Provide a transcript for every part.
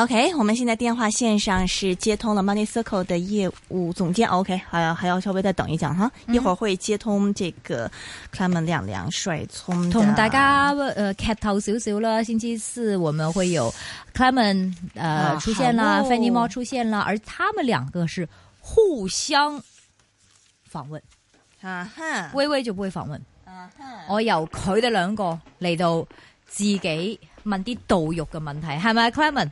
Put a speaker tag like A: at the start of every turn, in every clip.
A: O、okay, K，我們現在電話線上是接通了 Money Circle 的業務總監。O K，還要還要稍微再等一講哈，嗯、一會兒會接
B: 通這個 Clement 梁梁帥聰同大家，誒、呃、劇透少少啦。星期四我們會有 Clement 誒出現啦，Funny 貓出現啦，而他們兩個是互相訪問，啊哼哈，微微就不會訪問，啊哼哈，我由佢哋兩個嚟到自己問啲到肉嘅問題，係咪 Clement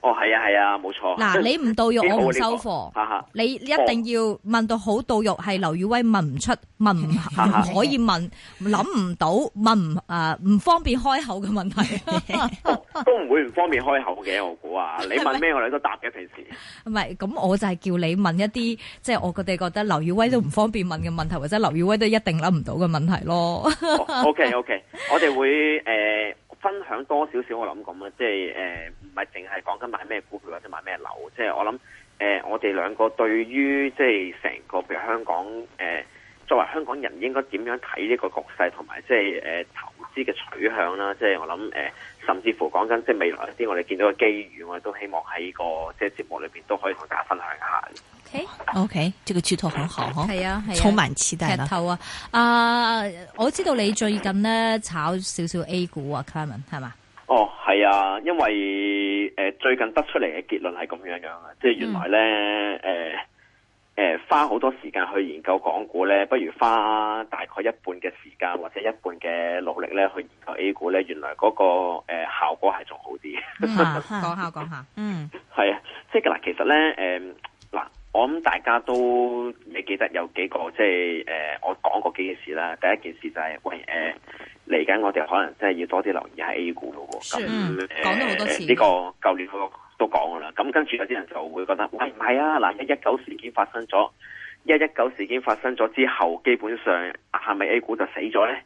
C: 哦，係啊，係啊，冇錯。嗱，你唔到肉，我唔收貨。
B: 你一定要問到好到肉，係劉宇威問唔出，問唔可以問，諗唔到，問唔誒唔方便開口嘅問題。
C: 都唔會唔方便開口嘅，我估啊，你問咩我哋都答嘅平時。
B: 唔係咁，我就係叫你問一啲，即係我佢哋覺得劉宇威都唔方便問嘅問題，或者劉宇威都一定諗唔到嘅問題咯。OK，
C: OK，我哋會誒分享多少少，我諗咁啊，即係誒。咪淨係講緊買咩股票或者買咩樓，即、就、係、是、我諗，誒、呃，我哋兩個對於即係成個，譬如香港，誒、呃，作為香港人應該點樣睇呢個局勢，同埋即係誒投資嘅取向啦。即係我諗，誒、呃，甚至乎講緊即係未來一啲我哋見到嘅機遇，我哋都希望喺、這個即係節目裏邊都可以同大家分享下。OK，OK，、
A: okay?
B: okay, 呢個劇透好好，係 啊，啊啊充滿期待啦。劇頭啊，啊，我知道你最近咧炒少，少少 A 股啊，Clement 係嘛？
C: 哦。Oh, 係啊，因為誒、呃、最近得出嚟嘅結論係咁樣樣啊，即係原來咧誒誒花好多時間去研究港股咧，不如花大概一半嘅時間或者一半嘅努力咧去研究 A 股咧，原來嗰、那個誒、呃、效果係仲好啲。講、嗯啊、 下講下，嗯，係啊，即係嗱，其實咧誒嗱。呃我諗大家都你記得有幾個即係誒、呃，我講過幾件事啦。第一件事就係、是、喂誒、嚟、呃、緊我哋可能真係要多啲留意喺 A 股咯。咁講咗好多次呢個舊年我都講噶啦。咁跟住有啲人就會覺得喂，唔係啊，嗱、呃，一一九事件發生咗，一一九事件發生咗之後，基本上係咪 A 股就死咗咧？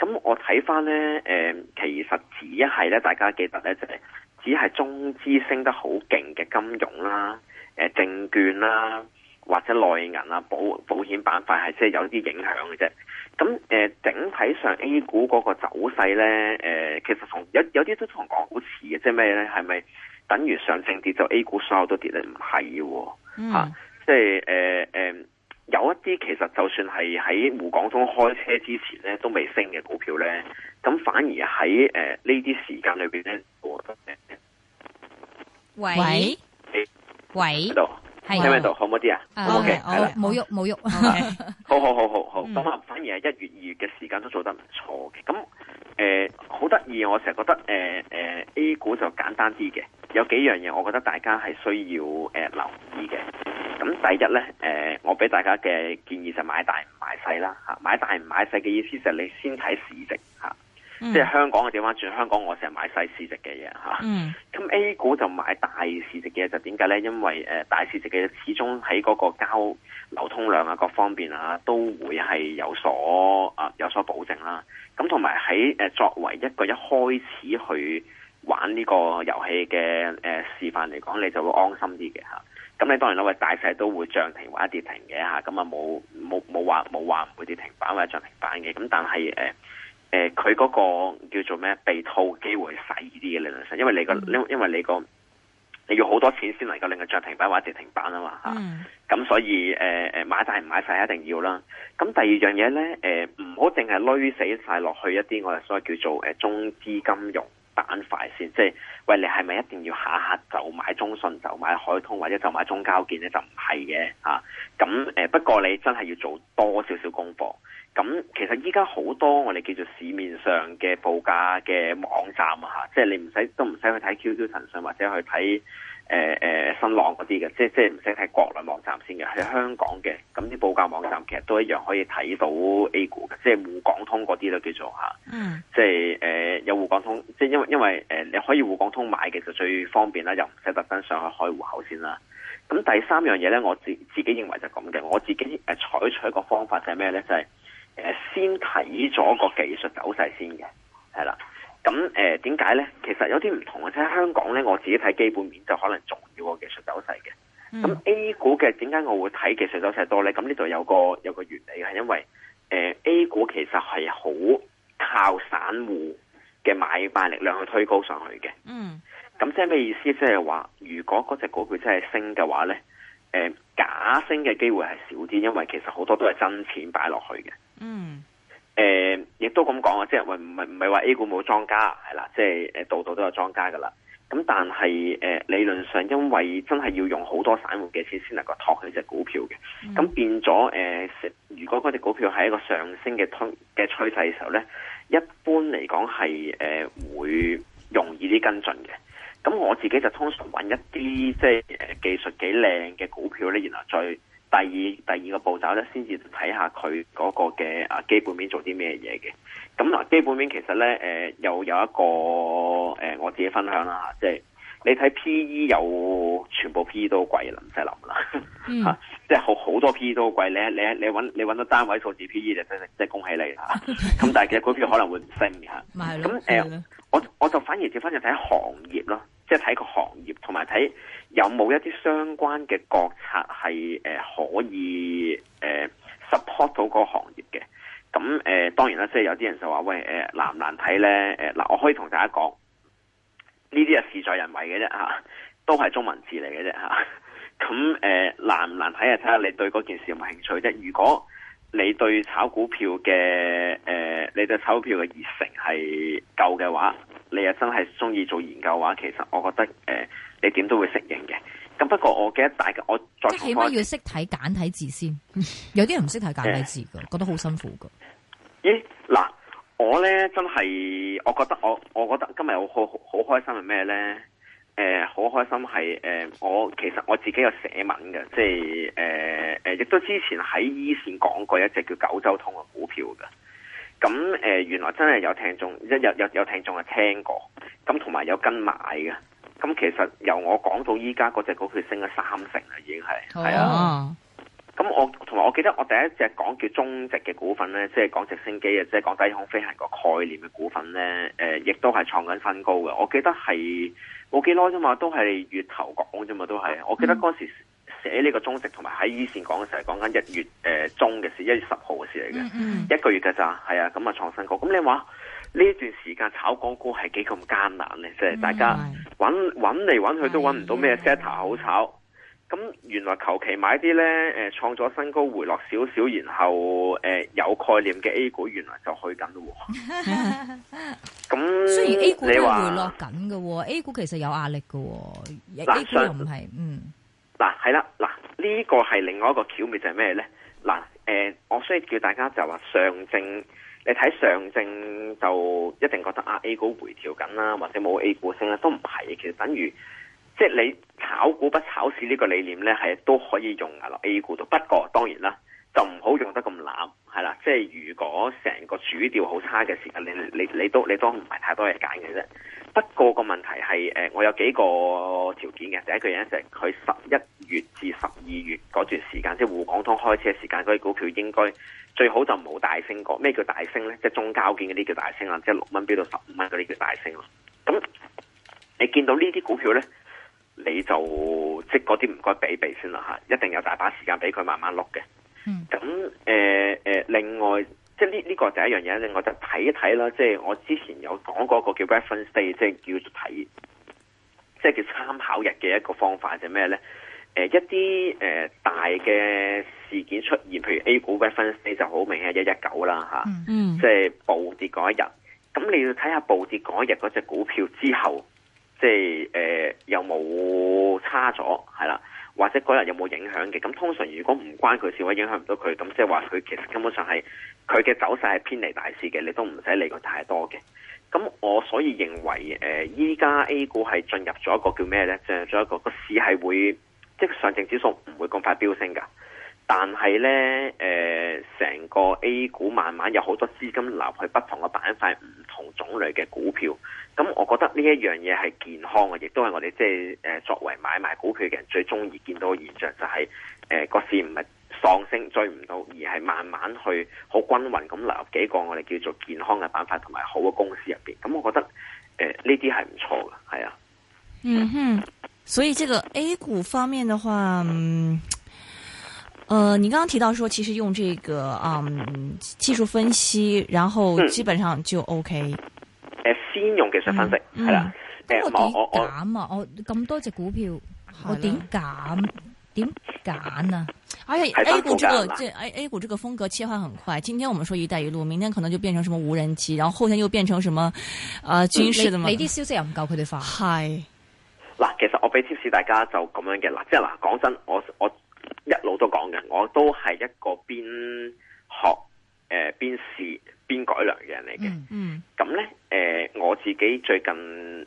C: 咁我睇翻咧誒，其實只係咧，大家記得咧，就係、是、只係中資升得好勁嘅金融啦。誒證、呃、券啦、啊，或者內銀啊，保保險板塊係即係有啲影響嘅啫。咁誒、呃，整體上 A 股嗰個走勢咧，誒、呃，其實從有有啲都同港股好似嘅，即係咩咧？係咪等於上證跌就 A 股所有都跌咧？唔係嘅，吓、嗯啊，
D: 即
C: 係誒誒，有一啲其實就算係喺滬港通開車之前咧，都未升嘅股票咧，咁反而喺誒、呃、呢啲時間裏邊咧，我覺得呢，
B: 喂。喂喂，喺度，聽唔聽到，好唔好啲啊？O K，係啦，冇喐，冇喐、啊，好，啊 okay.
C: 好，好，好，好，好、嗯，好，好，咁反而係一月、二月嘅時間都做得唔錯嘅。咁誒，好得意，我成日覺得誒誒、呃呃、，A 股就簡單啲嘅，有幾樣嘢，我覺得大家係需要誒、呃、留意嘅。咁第一咧，誒、呃，我俾大家嘅建議就買大唔買細啦吓，買大唔買細嘅意思就係你先睇市值。嗯、即係香港嘅點樣？轉香港我成日買細市值嘅嘢吓，
D: 咁、嗯啊、A 股就
C: 買大市值嘅嘢，就點解咧？因為誒、呃、大市值嘅始終喺嗰個交流通量啊，各方面啊，都會係有所啊有所保證啦。咁同埋喺誒作為一個一開始去玩呢個遊戲嘅誒示範嚟講，你就會安心啲嘅吓。咁、啊、你當然啦，喂大細都會漲停或者跌停嘅吓，咁啊冇冇冇話冇話唔會跌停板或者漲停板嘅。咁但係誒。呃呃誒，佢嗰、呃、個叫做咩？被套機會細啲嘅理論上，因為你個，因、嗯、因為你個，你要好多錢先能夠令佢漲停板或者跌停板啊嘛
D: 吓。
C: 咁、嗯嗯、所以誒誒、呃、買大唔買細一定要啦。咁、嗯、第二樣嘢咧，誒唔好淨係累死晒落去一啲，我哋所謂叫做誒中資金融板塊先。即、就、係、是、喂，你係咪一定要下下就買中信，就買海通，或者就買中交建咧？就唔係嘅吓。咁、啊、誒、嗯，不過你真係要做多少少功課。咁其實依家好多我哋叫做市面上嘅報價嘅網站啊吓，即係你唔使都唔使去睇 QQ 騰訊或者去睇誒誒新浪嗰啲嘅，即係即係唔使睇國內網站先嘅，係香港嘅。咁啲報價網站其實都一樣可以睇到 A 股嘅，即係滬港通嗰啲都叫做吓。嗯。即係誒、呃、有滬港通，即係因為因為誒你可以滬港通買，其實最方便啦，又唔使特登上去開戶口先啦。咁第三樣嘢咧，我自自己認為就咁嘅。我自己誒採取個方法就係咩咧，就係、是。誒，先睇咗個技術走勢先嘅，係啦。咁誒，點解咧？其實有啲唔同嘅，即係香港咧，我自己睇基本面就可能重要過技術走勢嘅。咁 A 股嘅點解我會睇技術走勢多咧？咁呢度有個有個原理，係因為誒、呃、A 股其實係好靠散戶嘅買賣力量去推高上去嘅。嗯。咁即係咩意思？即係話，如果嗰隻股票真係升嘅話咧，誒、呃，假升嘅機會係少啲，因為其實好多都係真錢擺落去嘅。嗯，誒、呃，亦都咁講啊，即係唔係唔係話 A 股冇莊家係啦，即係誒度度都有莊家噶啦。咁但係誒、呃、理論上，因為真係要用好多散戶嘅錢先能夠托佢隻股票嘅，咁變咗誒，如果嗰隻股票係一個上升嘅推嘅趨勢嘅時候咧，一般嚟講係誒會容易啲跟進嘅。咁我自己就通常揾一啲即係誒技術幾靚嘅股票咧，然後再。第二第二個步驟咧，先至睇下佢嗰個嘅啊基本面做啲咩嘢嘅。咁嗱，基本面其實咧，誒、呃、又有一個誒、呃、我自己分享啦嚇，即、就、係、是、你睇 P E 有全部 P E 都貴啦，唔使諗啦嚇，即係好好多 P E 都貴，你你你揾你揾到單位數字 P E 就真係即係恭喜你嚇。咁 但係其實股票可能會唔升嘅嚇。
D: 咁誒，
C: 我我就反而就翻嚟睇行業咯。即係睇個行業，同埋睇有冇一啲相關嘅國策係誒、呃、可以誒、呃、support 到個行業嘅。咁誒、呃，當然啦，即係有啲人就話喂誒、呃、難唔難睇咧？誒、呃、嗱，我可以同大家講，呢啲係事在人為嘅啫吓，都係中文字嚟嘅啫吓。咁誒難唔難睇啊？睇、啊、下你對嗰件事有冇興趣啫。如果你對炒股票嘅誒、呃，你對炒票嘅熱誠係夠嘅話，你又真係中意做研究話，其實我覺得誒、呃，你點都會承應嘅。咁不過我記得大家，我再起，乜要
B: 識睇簡體字先？ 有啲人唔識睇簡體字嘅，呃、覺得好辛
C: 苦嘅。咦、欸？嗱，我咧真係，我覺得我我覺得今日我好好開心係咩咧？誒，好、呃、開心係誒、呃，我其實我自己有寫文嘅，即係誒誒，亦都之前喺 E 線講過一隻叫九州通嘅股票噶。咁、嗯、誒、呃，原來真係有聽眾，一有有有聽眾係聽過，咁同埋有跟買嘅。咁、嗯、其實由我講到依家嗰隻股票升咗三成啦，已經係係啊。咁我同埋，我記得我第一隻講叫中值嘅股份咧，即係講直升機啊，即係講低空飛行個概念嘅股份咧，誒、呃，亦都係創緊新高嘅。我記得係冇幾耐啫嘛，都係月頭講啫嘛，都係。我記得嗰時寫呢個中值，同埋喺以前講嘅時候講緊一月誒、呃、中嘅事，一月十號嘅事嚟嘅。嗯、哼一個月噶咋，係啊，咁啊創新高。咁你話呢段時間炒港股係幾咁艱難咧？即係、嗯、哼大家揾揾嚟揾去都揾唔到咩 set 好炒。咁原來求其買啲咧，誒，創咗新高回落少少，然後誒、呃、有概念嘅 A 股，原來就去緊咯。
D: 咁
C: 那雖然 A 股回落
B: 緊嘅 ，A 股其實有壓力嘅啦，A 股又唔係，嗯。
C: 嗱，係啦，嗱呢、這個係另外一個巧妙就係咩咧？嗱，誒、呃，我需要叫大家就話上證，你睇上證就一定覺得啊 A 股回調緊啦，或者冇 A 股升啦，都唔係，其實等於。即係你炒股不炒市呢個理念咧，係都可以用喺落 A 股度。不過當然啦，就唔好用得咁濫係啦。即係如果成個主調好差嘅時候，你你你都你都唔係太多嘢揀嘅啫。不過個問題係誒、呃，我有幾個條件嘅。第一，個人成佢十一月至十二月嗰段時間，即係滬港通開始嘅時間，嗰啲股票應該最好就冇大升過。咩叫大升咧？即係中交建嗰啲叫大升啦，即係六蚊飆到十五蚊嗰啲叫大升啦。咁你見到呢啲股票咧？你就即嗰啲唔該俾俾先啦吓，一定有大把時間俾佢慢慢碌嘅。咁誒誒另外即呢呢、這個就一樣嘢，咧，我就睇一睇啦。即係我之前有講過一個叫 reference day，即係叫睇，即係叫參考日嘅一個方法就，就咩咧？誒一啲誒、呃、大嘅事件出現譬如 A 股 reference day 就好明顯係一一九啦吓，即係、啊嗯、暴跌嗰一日。咁你要睇下暴跌嗰一日嗰隻股票之後。嗯嗯即係誒、呃、有冇差咗係啦，或者嗰日有冇影響嘅？咁通常如果唔關佢事或者影響唔到佢，咁即係話佢其實根本上係佢嘅走勢係偏離大市嘅，你都唔使理佢太多嘅。咁我所以認為誒，依、呃、家 A 股係進入咗一個叫咩呢？進入咗一個個市係會即係上證指數唔會咁快飆升㗎。但係呢，誒、呃，成個 A 股慢慢有好多資金流去不同嘅板塊，唔同種類嘅股票。咁，我覺得呢一樣嘢係健康嘅，亦都係我哋即係作為買賣股票嘅人最中意見到嘅現象，就係、是、誒、呃，個市唔係上升追唔到，而係慢慢去好均勻咁流入幾個我哋叫做健康嘅板塊同埋好嘅公司入邊。咁，我覺得呢啲係唔錯嘅，係、呃、啊。嗯
A: 哼，所以這個 A 股方面的話。嗯呃，你剛剛提到說，其實用這個，嗯，技術分析，然後基本上就 OK。
C: 先用技術分析，係啦。我點
A: 揀
B: 啊？我咁多隻股票，我點揀？點揀啊？哎，A 股呢？即係 A 股，這個風格切換很快。今天
A: 我們說一帶一路，明天可能就變成什麼無人機，然後後天又變成什麼，啊，軍事的嘛。俾啲
B: 消息又唔夠佢哋發係。
C: 嗱，其實我俾 tips 大家就咁樣嘅，嗱，即係嗱，講真，我我。一路都講嘅，我都係一個邊學誒、呃、邊試邊改良嘅人嚟
D: 嘅、嗯。嗯，
C: 咁咧誒，我自己最近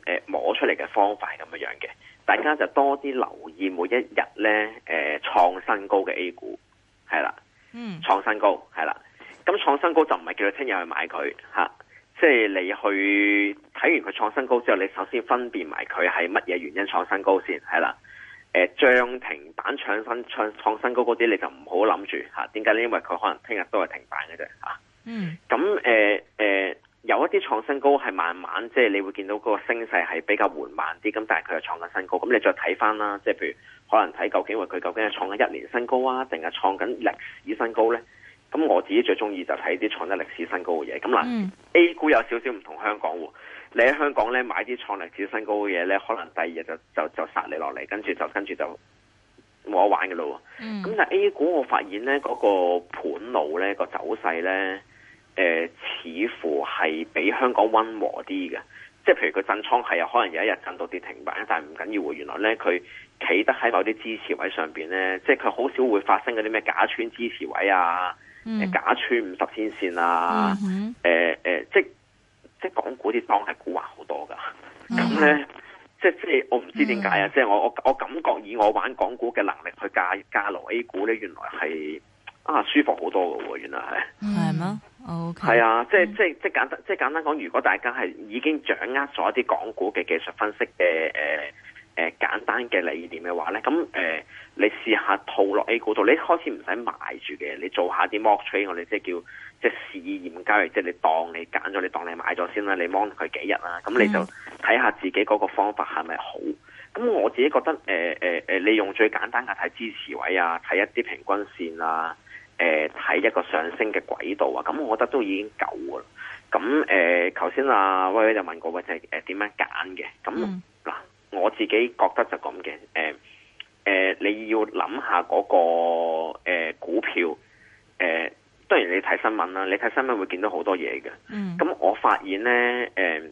C: 誒、呃、摸出嚟嘅方法係咁樣樣嘅，大家就多啲留意每一日咧誒創新高嘅 A 股係啦。創嗯，創新高係啦。咁創、嗯、新高就唔係叫你聽日去買佢吓，即係、就是、你去睇完佢創新高之後，你首先分辨埋佢係乜嘢原因創新高先係啦。誒，漲停、呃、板創新創創新高嗰啲，你就唔好諗住吓。點解呢？因為佢可能聽日都係停板嘅啫吓。
D: 啊、嗯。
C: 咁誒誒，有一啲創新高係慢慢，即、就、係、是、你會見到個升勢係比較緩慢啲。咁但係佢又創緊新高。咁你再睇翻啦，即係譬如可能睇究竟，佢究竟係創緊一年新高啊，定係創緊歷史新高呢？咁我自己最中意就睇啲創緊歷史新高嘅嘢。咁嗱、啊嗯、A 股有少少唔同香港。你喺香港咧買啲創歷史新高嘅嘢咧，可能第二日就就就殺你落嚟，跟住就，就跟住就冇得玩嘅咯喎。咁、嗯、但係 A 股我發現咧，嗰、那個盤路咧、那個走勢咧，誒、呃、似乎係比香港溫和啲嘅。即係譬如佢震倉係有可能有一日震到跌停板，但係唔緊要喎。原來咧佢企得喺某啲支持位上邊咧，即係佢好少會發生嗰啲咩假穿支持位啊，
D: 嗯、假
C: 穿五十天線啊，誒誒即即港股啲當係古惑好多噶，咁咧、嗯、即即我,、嗯、即我唔知點解啊！即我我我感覺以我玩港股嘅能力去加加落 A 股咧，原來係啊舒服好多噶喎！原來係係
D: 咩？O 係啊！即、
C: 嗯、即即,即簡單即簡單講，如果大家係已經掌握咗一啲港股嘅技術分析嘅誒誒簡單嘅理念嘅話咧，咁誒、呃、你試下套落 A 股度，你開始唔使買住嘅，你做下啲 mock trade 我哋即叫。即叫嗯、即係試驗交易，即係你當你揀咗，你當你買咗先啦，你 mon 佢幾日啦，咁、嗯、你就睇下自己嗰個方法係咪好？咁我自己覺得，誒誒誒，你用最簡單嘅睇支持位啊，睇一啲平均線啊，誒、呃、睇一個上升嘅軌道啊，咁我覺得都已經夠噶啦。咁誒，頭先阿威威就問過我，即係誒點樣揀嘅？咁嗱、嗯嗯，我自己覺得就咁嘅。誒、呃、誒、呃，你要諗下嗰個、呃、股票誒。呃呃當然你睇新聞啦，你睇新聞會見到好多嘢嘅。咁、嗯、我發現咧，誒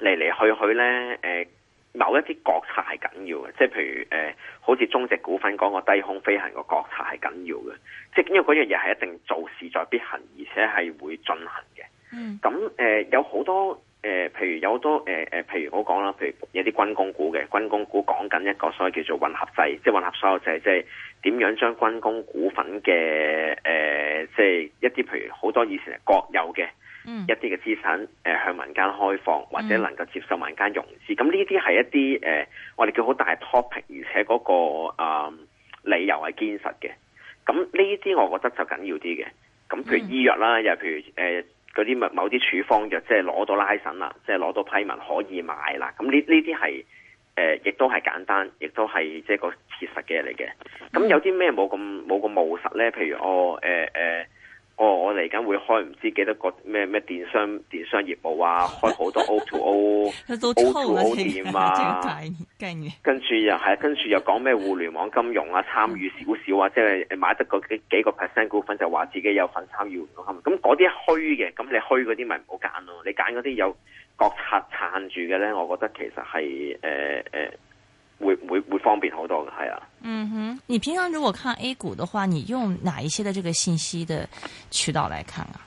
C: 嚟嚟去去咧，誒、呃、某一啲國策係緊要嘅，即係譬如誒、呃，好似中值股份講個低空飛行個國策係緊要嘅，即係因為嗰樣嘢係一定做事在必行，而且係會進行嘅。咁誒、嗯呃、有好多誒、呃，譬如有好多誒誒、呃，譬如我講啦，譬如有啲軍工股嘅軍工股講緊一個，所謂叫做混合制，即係混合所有制，即係點樣將軍工股，股份嘅誒。呃即係一啲，譬如好多以前係國有嘅一啲嘅資產，誒、呃、向民間開放或者能夠接受民間融資，咁呢啲係一啲誒、呃，我哋叫好大 topic，而且嗰、嗰個、呃、理由係堅實嘅。咁呢啲我覺得就緊要啲嘅。咁譬如醫藥啦，又譬如誒嗰啲某啲處方藥，即係攞到 license 啦，即係攞到批文可以買啦。咁呢呢啲係。誒，亦都係簡單，亦都係即係個切實嘅嚟嘅。咁有啲咩冇咁冇咁務實咧？譬如我誒誒。哦呃呃哦，我嚟緊會開唔知幾多個咩咩電商電商業務啊，開好多 O to O O to O 店啊， 跟住又係，跟住又講咩互聯網金融啊，參與少少啊， 即係買得個幾幾個 percent 股份就話自己有份參與，咁嗰啲虛嘅，咁你虛嗰啲咪唔好揀咯，你揀嗰啲有國策撐住嘅呢，我覺得其實係誒誒。呃呃會會會方便好多噶，係啊。嗯
D: 哼，
A: 你平常如果看 A 股嘅話，你用哪一些嘅這個信息的渠道來看啊？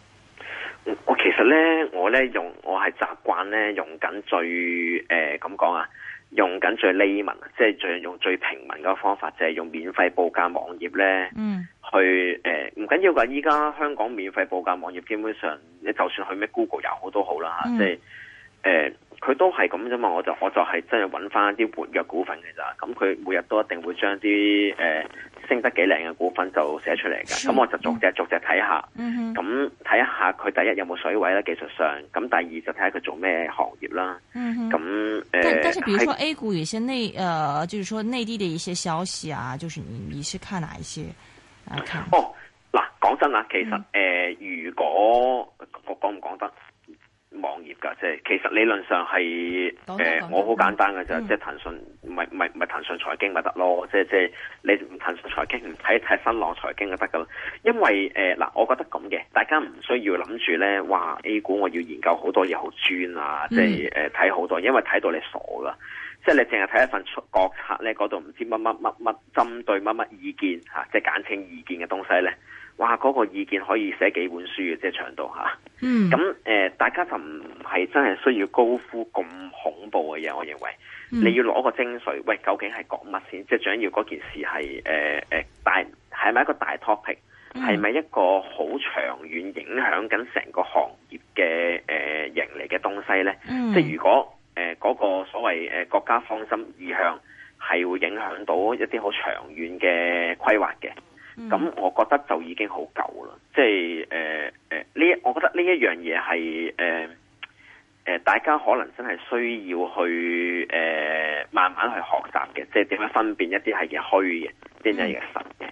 A: 我,
C: 我其實呢，我呢，用我係習慣呢，用緊最誒咁講啊，用緊最 l 文、呃，即係最用最平民嘅方法，就係用免費報價網頁呢。去嗯，去誒唔緊要噶。依家香港免費報價網頁，基本上你就算去咩 Google 又好都好啦即係。嗯嗯誒，佢、呃、都係咁啫嘛，我就我就係真係揾翻啲活躍股份嘅咋，咁佢每日都一定會將啲誒升得幾靚嘅股份就寫出嚟嘅，咁嗎我就逐隻逐隻睇下，咁睇、嗯、哼下佢第一有冇水位咧技術上，咁第二就睇下佢做咩行業啦，咁誒、嗯哼呃。但但是，比如說
A: A 股有些內誒、呃，就是說內地的一些消息啊，就是你你是看哪一些、嗯、
C: Okay. 哦，嗱，講真啦，其實誒、嗯呃，如果我講唔講得？網頁噶，即係其實理論上係，誒、呃、我好簡單嘅就係， 嗯、即係騰訊，唔係唔係唔係騰訊財經咪得咯，即係即係你唔騰訊財經唔睇睇新浪財經就得噶啦。因為誒嗱、呃，我覺得咁嘅，大家唔需要諗住咧，話 A 股我要研究好多嘢好專啊，即係誒睇好多，因為睇到你傻噶，即係你淨係睇一份國策咧，嗰度唔知乜乜乜乜，針對乜乜意見嚇，即係簡稱意見嘅東西咧。哇！嗰、那個意見可以寫幾本書嘅，即係長度吓。
D: 咁誒、嗯
C: 呃，大家就唔係真係需要高呼咁恐怖嘅嘢。我認為、嗯、你要攞個精髓，喂，究竟係講乜先？即係最緊要嗰件事係誒誒大係咪一個大 topic？係咪、嗯、一個好長遠影響緊成個行業嘅誒盈利嘅東西咧？嗯、即係如果誒嗰、呃那個所謂誒、呃、國家方針意向係會影響到一啲好長遠嘅規劃嘅。咁、嗯嗯、我覺得就已經好舊啦，即係誒誒呢，我覺得呢一樣嘢係誒誒大家可能真係需要去誒、呃、慢慢去學習嘅，即係點樣分辨一啲係嘅虛嘅，邊啲係實嘅。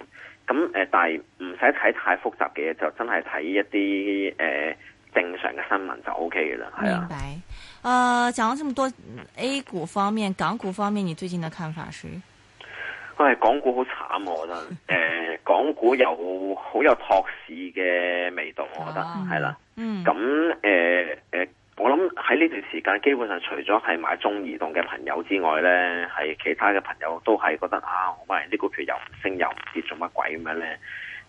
C: 咁誒、嗯嗯，但係唔使睇太複雜嘅嘢，就真係睇一啲誒、呃、正常嘅新聞就 O K 嘅啦。明
D: 白。係啊，
A: 誒、uh，講咗咁多 A 股方面、港股方面，你最近嘅看法是？
C: 佢係、嗯、港股好慘，我覺得誒。呃嗯 港股有好有托市嘅味道，我覺得係啦。咁誒誒，我諗喺呢段時間，基本上除咗係買中移動嘅朋友之外咧，係其他嘅朋友都係覺得啊，喂啲股票又唔升又唔跌，做乜鬼咁樣咧？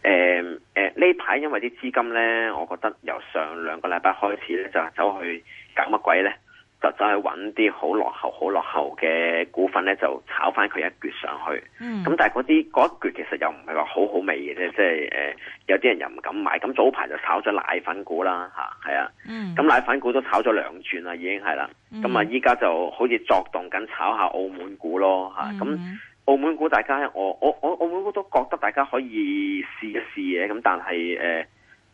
C: 誒、呃、誒，呢排因為啲資金咧，我覺得由上兩個禮拜開始咧，就係、走去搞乜鬼咧？就走去揾啲好落後、好落後嘅股份咧，就炒翻佢一撅上去。咁、嗯、但係嗰啲嗰一撅，其實又唔係話好好味嘅，啫。即係誒、呃，有啲人又唔敢買。咁早排就炒咗奶粉股啦，吓係啊。
D: 咁、啊嗯、奶粉
C: 股都炒咗兩轉啦，已經係啦。咁啊、嗯，依家、嗯、就好似作動緊炒下澳門股咯，吓、啊、咁、嗯嗯、澳門股大家我我我，我澳門股都覺得大家可以試一試嘅，咁但係誒。呃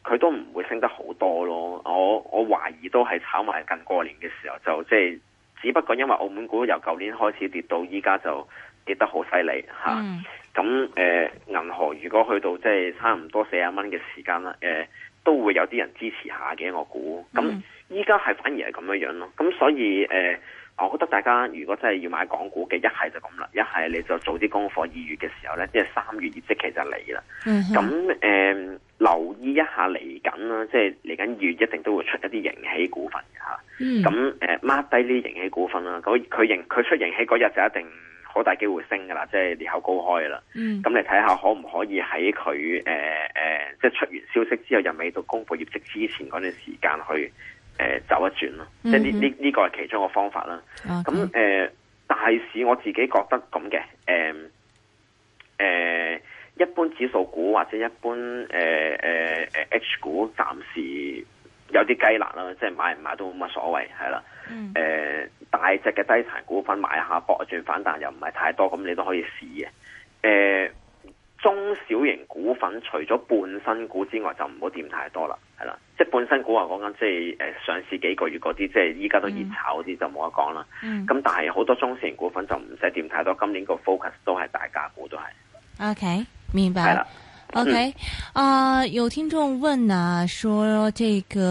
C: 佢都唔會升得好多咯，我我懷疑都係炒埋近過年嘅時候就即係、就是，只不過因為澳門股由舊年開始跌到依家就跌得好犀利
D: 吓，
C: 咁誒銀河如果去到即係、就是、差唔多四十蚊嘅時間啦，誒、呃、都會有啲人支持下嘅我估，咁依家係反而係咁樣樣咯，咁所以誒。呃我覺得大家如果真係要買港股嘅，一係就咁啦，一係你就做啲功課，二月嘅時候咧，即係三月業績期就嚟啦。
D: 咁誒、嗯哼呃，
C: 留意一下嚟緊啦，即係嚟緊二月一定都會出一啲盈喜股份嘅吓。咁誒，mark 低啲盈喜股份啦。佢佢佢出盈喜嗰日就一定好大機會升噶啦，即係裂口高開啦。咁、嗯、你睇下可唔可以喺佢誒誒，即係出完消息之後又未到公布業績之前嗰段時間去。誒、呃，走一轉咯，即係呢呢呢個係其中一個方法啦。咁誒 Okay.、呃，大市我自己覺得咁嘅，誒、呃、誒、呃，一般指數股或者一般誒誒誒 H 股暫時有啲雞肋啦，即係買唔買都冇乜所謂，係啦。誒、mm hmm. 呃，大隻嘅低殘股份買下搏一轉反彈又唔係太多，咁你都可以試嘅。誒、呃。中小型股份除咗半新股之外，就唔好掂太多啦，係啦，即係半新股話講緊，即係誒、呃、上市幾個月嗰啲，即係依家都熱炒嗰啲、嗯、就冇得講啦。咁、嗯、但係好多中小型股份就唔使掂太多。今年個 focus 都係大價股，都係。
A: OK，明白。係啦，OK 啊，有聽眾問啊，說這個，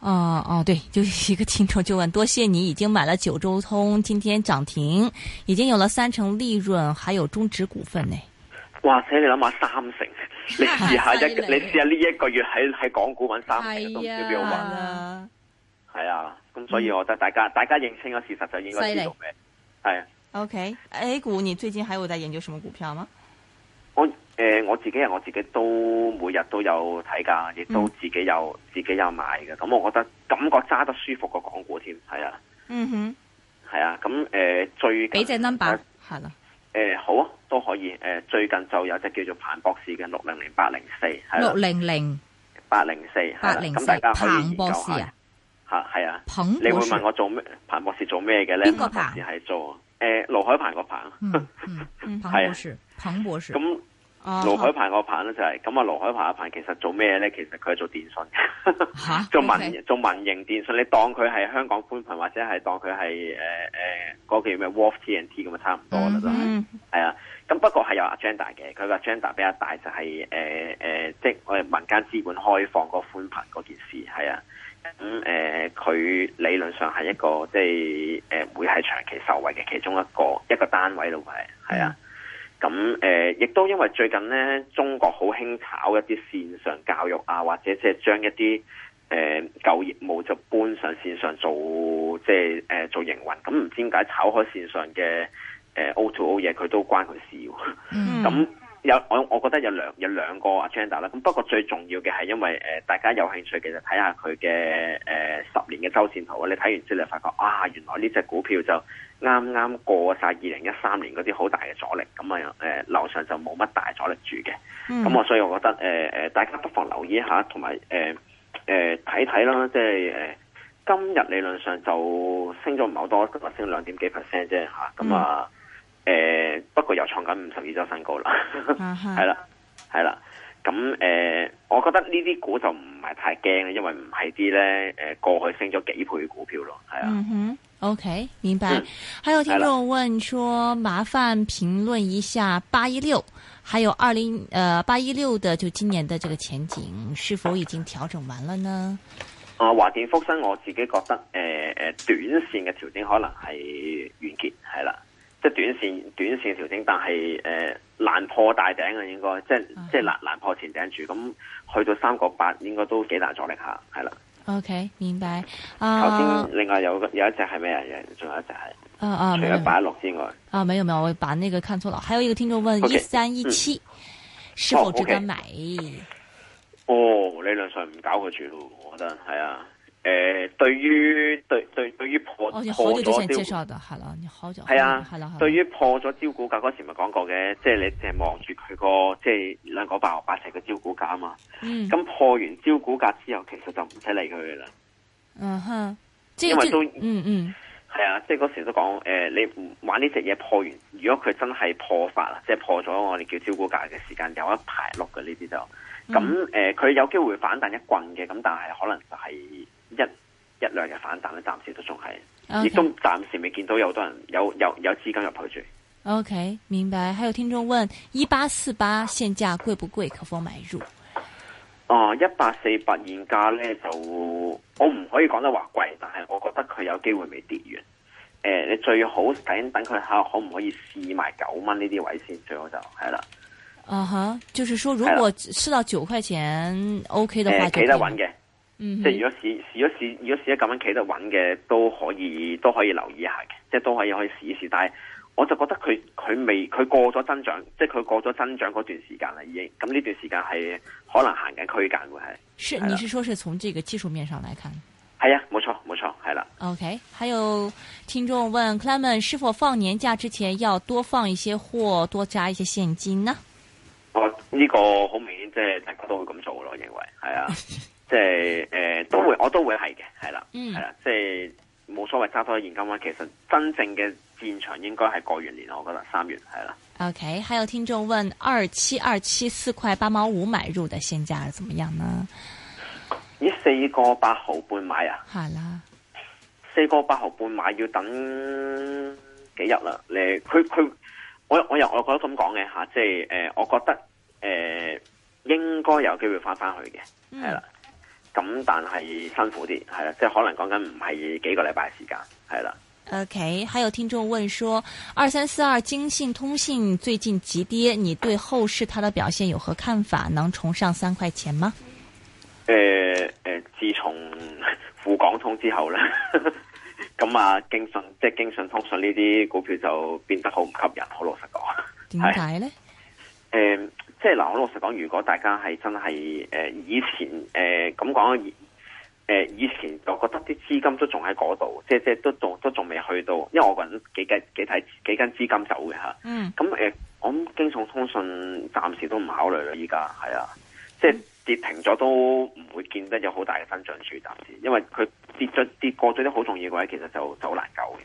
A: 哦、呃、哦，對，就一個聽眾就問，多謝你已經買了九州通，今天漲停，已經有了三成利潤，還有中指股份呢？
C: 或者你諗下三成，你試下一，你試下呢一個月喺喺港股搵三成都唔知點樣搵啦。係啊，咁、哎啊、所以我覺得、嗯、大家大家認清個事實就應該知道
A: 嘅。係啊。OK，A 股你最近還有在研究什麼股票嗎？
C: 我誒、呃，我自己係我自己都每日都有睇噶，亦都自己有自己有買嘅。咁我覺得感覺揸得舒服過港股添。係啊，、嗯、啊，嗯哼，係啊。咁誒，最
B: 俾隻 number 係
C: 啦。呃誒、呃，好啊，都可以。誒、呃，最近就有隻叫做彭博士嘅六零零八零四，係六零零八零四，係啦。咁大家可以研究下。吓，係啊，啊彭，你會問我做咩？彭博士做咩嘅咧？邊個彭？係做誒，盧、呃、海鵬個鵬。 啊、彭博士，彭博士。 盧、啊、海鵬個棚咧就係、是，咁啊盧海鵬個棚其實做咩咧？其實佢係做電信，啊、 做民營 Okay. 做民營電信。你當佢係香港寬頻，或者係當佢係誒誒嗰個叫咩 Wolf TNT 咁啊，差唔多啦都係。係啊，咁不過係有阿 agenda 嘅，佢個 agenda 比較大，就係誒誒，即係我哋民間資本開放個寬頻嗰件事係啊。咁、嗯、誒，佢、呃、理論上係一個即係誒、呃，會係長期受惠嘅其中一個一個單位咯，係係啊。咁誒，亦、呃、都因為最近咧，中國好興炒一啲線上教育啊，或者即係將一啲誒、呃、舊業務就搬上線上做，即係誒做營運。咁唔知點解炒開線上嘅誒、呃、O to O 嘢，佢都關佢事喎。咁、mm hmm. 有我，我覺得有兩有兩個 agenda 啦。咁不過最重要嘅係因為誒、呃，大家有興趣其實睇下佢嘅誒十年嘅周線圖啊。你睇完之後，你發覺啊，原來呢隻股票就～啱啱過晒二零一三年嗰啲好大嘅阻力，咁啊誒樓上就冇乜大阻力住嘅，
D: 咁我、嗯啊、所以我
C: 覺得誒誒、呃、大家不妨留意一下，同埋誒誒睇睇啦，即係誒、呃、今日理論上就升咗唔係好多，今日升兩點幾 percent 啫嚇，咁啊誒、啊嗯啊、不過又創緊五十二周新高啦，係啦係啦，咁誒、 呃、我覺得呢啲股就唔係太驚，因為唔係啲咧誒過去升咗幾倍股票咯，係啊。
A: 嗯。OK，明白。嗯、還有聽眾問說，的麻煩評論一下八一六，還有二零，呃，八一六的就今年的這個前景是否已經調整完了呢？
C: 啊，華電福新，我自己覺得，誒、呃、誒，短線嘅調整可能係完結，係啦，即係短線短線調整，但係誒、呃、難破大頂嘅、啊，應該即係、啊、即係難難破前頂住，咁去到三角八應該都幾大阻力下，係啦。
A: O、okay, K，明白。頭、uh, 先
C: 另外有個有一隻係咩嚟嘅，仲有一隻係。啊啊，除咗八一六之外。
A: 啊、uh,，沒有冇有，我把那個看錯了。還有一個聽眾問：一三一七
C: 是否值得、oh, okay. 買？哦，理論上唔搞佢住，我覺得係啊。誒、呃，對於對對對於破破咗招，係
A: 啦，係啊，係
C: 對於破咗招股價嗰時咪講過嘅，即係你淨係望住佢個即係兩個百八成嘅招股價啊嘛。咁、嗯、破完招股價之後，其實就唔使理佢噶啦。嗯哼、
D: uh-huh.
C: 因為都嗯嗯係、嗯嗯、啊，即係嗰時都講誒、呃，你玩呢隻嘢，破完，如果佢真係破發啦，即係破咗我哋叫招股價嘅時間有一排碌嘅呢啲就咁誒，佢有機會反彈一棍嘅，咁但係可能就係。一一兩日反彈咧，暫時都仲係，亦 Okay. 都暫時未見到有好多人有有有資金入去住。O、
A: okay, K，明白。還有聽眾問：一八四八現價貴不貴？可否買入？
C: 哦、呃，一八四八現價呢，就我唔可以講得話貴，但係我覺得佢有機會未跌完。誒、呃，你最好等等佢下可唔可以試埋九蚊呢啲位先，最好就係啦。
A: 啊吓？Uh、huh, 就是說如果試到九塊錢了 O、okay、K 的話，呃、就企得穩
C: 嘅。嗯、即係如果試試咗試，如果試咗咁樣企得穩嘅，都可以都可以留意一下嘅，即係都可以可以試一試。但係我就覺得佢佢未佢過咗增長，即係佢過咗增長嗰段時間啦，已經咁呢段時間係可能行緊區間會係。是，
A: 是，你是說，是從這個技術面上嚟看？
C: 係啊，冇錯冇錯，係啦。
A: 啊、OK，還有聽眾問 Clement 是否放年假之前要多放一些貨，多加一些現金呢？哦，呢、
C: 這個好明顯，即係大家都會咁做咯。我認為係啊。 即係誒，都會、哦、我都會係嘅，係啦，係啦、嗯，即係冇所謂揸多啲現金啦。其實真正嘅戰場應該係過完年，我覺得三月係啦。
A: OK，還有聽眾問：二七二七四塊八毛五買入嘅現價怎麼樣呢？
C: 以四個八毫半買啊，
D: 係啦了，
C: 四個八毫半買要等幾日啦？你佢佢我我又我覺得咁講嘅吓，即係誒，我覺得誒、呃呃、應該有機會翻翻去嘅，係啦。咁但係辛苦啲，係啦，即係可能講緊唔係幾個禮拜時間，係啦。
D: OK，
A: 還有聽眾問說，二三四二京信通信最近急跌，你對後市它的表現有何看法？能重上三塊錢嗎？
C: 誒誒、呃呃，自從滬港通之後咧，咁、 嗯、啊京信即係京信通信呢啲股票就變得好唔吸引，好老實
A: 講。點解咧？
C: 誒。呃即係嗱，我老實講，如果大家係真係誒、呃、以前誒咁講，誒、呃呃、以前就、呃、覺得啲資金都仲喺嗰度，即係即係都仲都仲未去到，因為我搵幾根幾睇幾間資金走嘅吓。嗯。咁誒、呃，我諗經常通訊暫時都唔考慮啦，依家係啊，即係跌停咗都唔會見得有好大嘅增長處，暫時，因為佢跌咗跌過咗啲好重要嘅位，其實就就好難救嘅。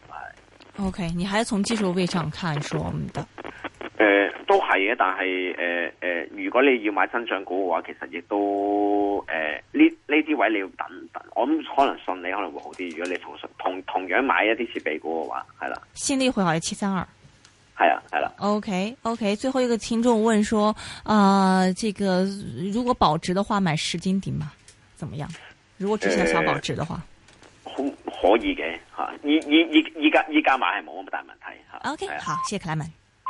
A: OK，你還從技術位上看說唔得
C: 誒、呃，都係嘅，但係誒誒，如果你要買增長股嘅話，其實亦都誒呢呢啲位你要等等，我諗可能順利可能會好啲。如果你同同同樣買一啲設備股嘅話，係啦，
A: 信利會係七三二，
C: 係啊，係啦。
A: OK OK，最後一個聽眾問說，啊、呃，這個如果保值的話，買十金頂嘛，怎麼樣？
C: 如果只想，想保值嘅話，可、呃、可以嘅吓，依依依依家依家買係冇咁大問題吓。OK，、啊、好，
A: 謝謝 Clement。